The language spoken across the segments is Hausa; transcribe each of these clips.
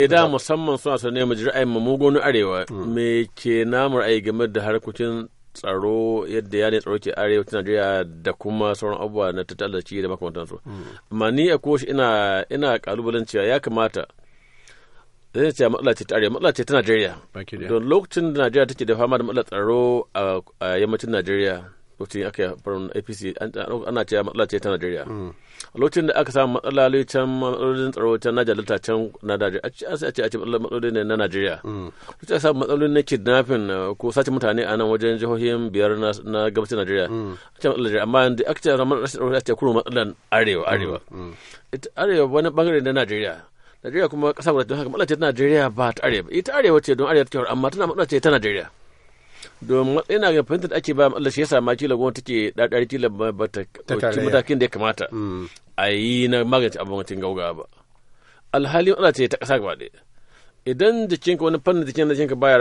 Eh, da musamman suna su nema ji ra'ayin arewa me ke namu ra'ayi game da harkokin tsaro yadda yanayin tsaro ke arewacin Najeriya da kuma sauran abubuwa na tattalin arziki da makamantansu. Amma ni a koshi ina ina kalubalen cewa ya kamata zai ce matsala ce ta arewa matsala ce ta Najeriya. Don lokacin da Najeriya take da fama da matsala tsaro a yammacin Najeriya lokacin aka yi apc ana ce matsala ce ta najeriya mm. a lokacin da aka samu matsala can matsalolin tsaro can na jalata can na najeriya a ce a ce a ce matsaloli ne na najeriya mm. lokacin aka samu matsaloli na kidnapping uh, ko sace mutane a nan wajen jihohin biyar na gabashin najeriya mm. a ce matsalar amma da aka ce zama rashin tsaro a ce kuma matsalan arewa arewa arewa wani bangare na najeriya Najeriya kuma ƙasa wadda haka matsala ce ta Najeriya ba ta arewa ita arewa ce don arewa ta kyau amma tana matsala ce ta Najeriya domin matsayin na fahimtar da ake ba Allah shi yasa ma kila gwamnati take ɗaɗɗar kila ba ta matakin da ya kamata mm. a yi na magance abincin gauga ba alhali ana ce ta ƙasa gaba ɗaya idan jikinka wani fannin jikin da jikinka baya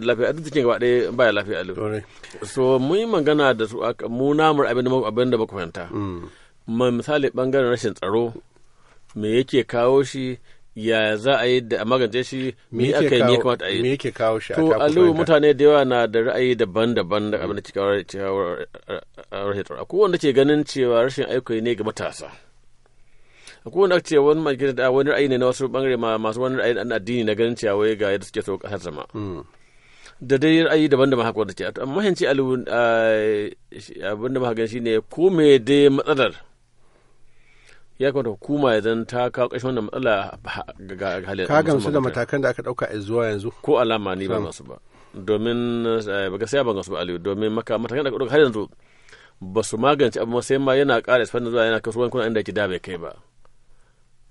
da lafiya a idan jikinka baɗe baya lafiya alu so mun yi magana da su mu namur abin da abin da ba ku fahimta mm. ma misali bangaren rashin tsaro me yake kawo shi ya za a yi da magance shi me aka yi me kamata a yi me kawo shi to alu mutane da yawa na da ra'ayi daban-daban da abin da cikin rashin tsaro a wanda ke ganin cewa rashin aiko ne ga matasa akwai wanda ce wani magana da wani ra'ayi ne na wasu bangare masu wani ra'ayi na addini na ganin cewa wai ga yadda suke so kasar zama hmm. da dai ra'ayi daban-daban haka wanda ce amma a alu ah, abin da muka gani shine ko me dai matsalar ya kamata hukuma idan ta kawo ƙarshen wannan matsala ga halin ka gamsu da matakan da aka ɗauka a zuwa yanzu ko alama ni ba masu ba domin eh, ba gaskiya ban gamsu ba aliyu domin maka matakan da aka ɗauka har yanzu ba su magance abu sai ma yana ƙara isfanda zuwa yana kasuwan kuna inda ke da bai kai ba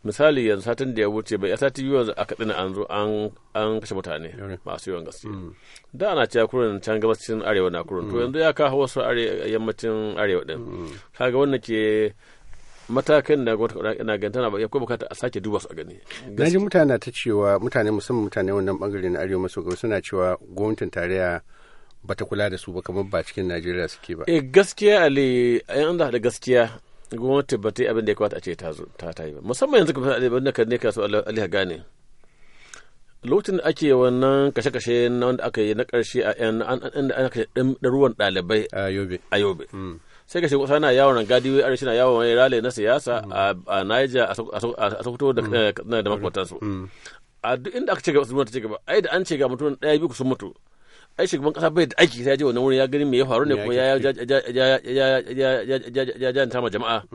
misali yanzu satin da ya wuce bai ya sati biyu a aka an zo an kashe mutane masu yiwuwa gaske mm. da ana cewa kurin can gabacin arewa na kurin to mm. yanzu ya kawo wasu yammacin arewa din mm. kaga wannan ke matakan da gwamnati na ganta na akwai bukata a sake duba su a gani. Na ji mutane ta cewa mutane musamman mutane wannan bangare na arewa maso gabas suna cewa gwamnatin tarayya bata kula da su ba kamar ba cikin Najeriya suke ba. Eh gaskiya Ali an da da gaskiya gwamnati ba ta yi abin da ya kamata a ce ta zo ta yi ba musamman yanzu kamar Ali banda kan ne ka so Ali ha gane. Lokacin da ake wannan kashe-kashe na wanda aka yi na karshe a yan an da aka ɗaruwan ɗalibai a Yobe. A Yobe. Mm. sai ka shigo sana yawon gadi wai arewa na yawon rale na siyasa a Niger a Sokoto da makwatansu a duk inda aka ce ga musulmi ta ce gaba ai da an ce ga mutum ɗaya biyu sun mutu ai shugaban kasa bai da aiki sai ya je wannan wurin ya gani me ya faru ne kuma ya ya janta ma jama'a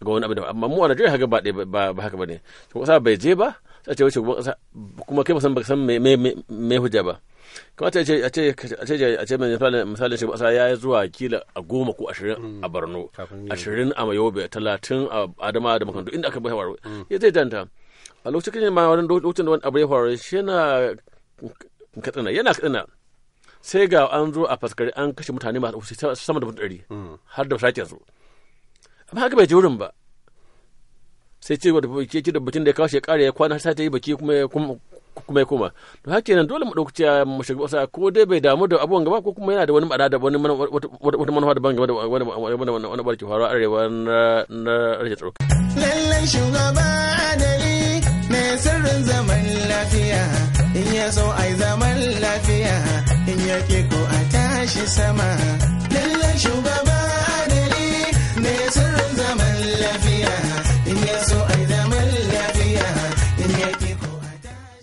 ga wani abu da amma mu a Najeriya haka ba ba haka bane shugaban kasa bai je ba sai ce shugaban kasa kuma kai ba san ba san me me me hujja ba kamata ya ce a ce a ce misalin shugaban kasa ya yi zuwa kila a goma ko ashirin mm. a borno ashirin a mayobe talatin a adama da makandu inda aka bai faru mm. ya zai danta a lokacin ma wani lokacin da wani abu ya faru shi yana katsina yana katsina sai ga an zo a faskari an kashe mutane masu sama da ɗari mm. har da sake su amma haka bai ji wurin ba sai ce da ke da batun da ya kawo shekara ya kwana sai ta yi baki kuma kuma kuma to haka kenan dole mu dauki cewa mu shiga ƙasa ko dai bai damu da abubuwan gaba ko kuma yana da wani ma'ana da wani wata manufa da game da wani wani wani wani barki faruwa arewa na na rage tsoro lallan shugaba adali ne sirrin zaman lafiya in ya so ai zaman lafiya in ya ke ko a tashi sama lallan shugaba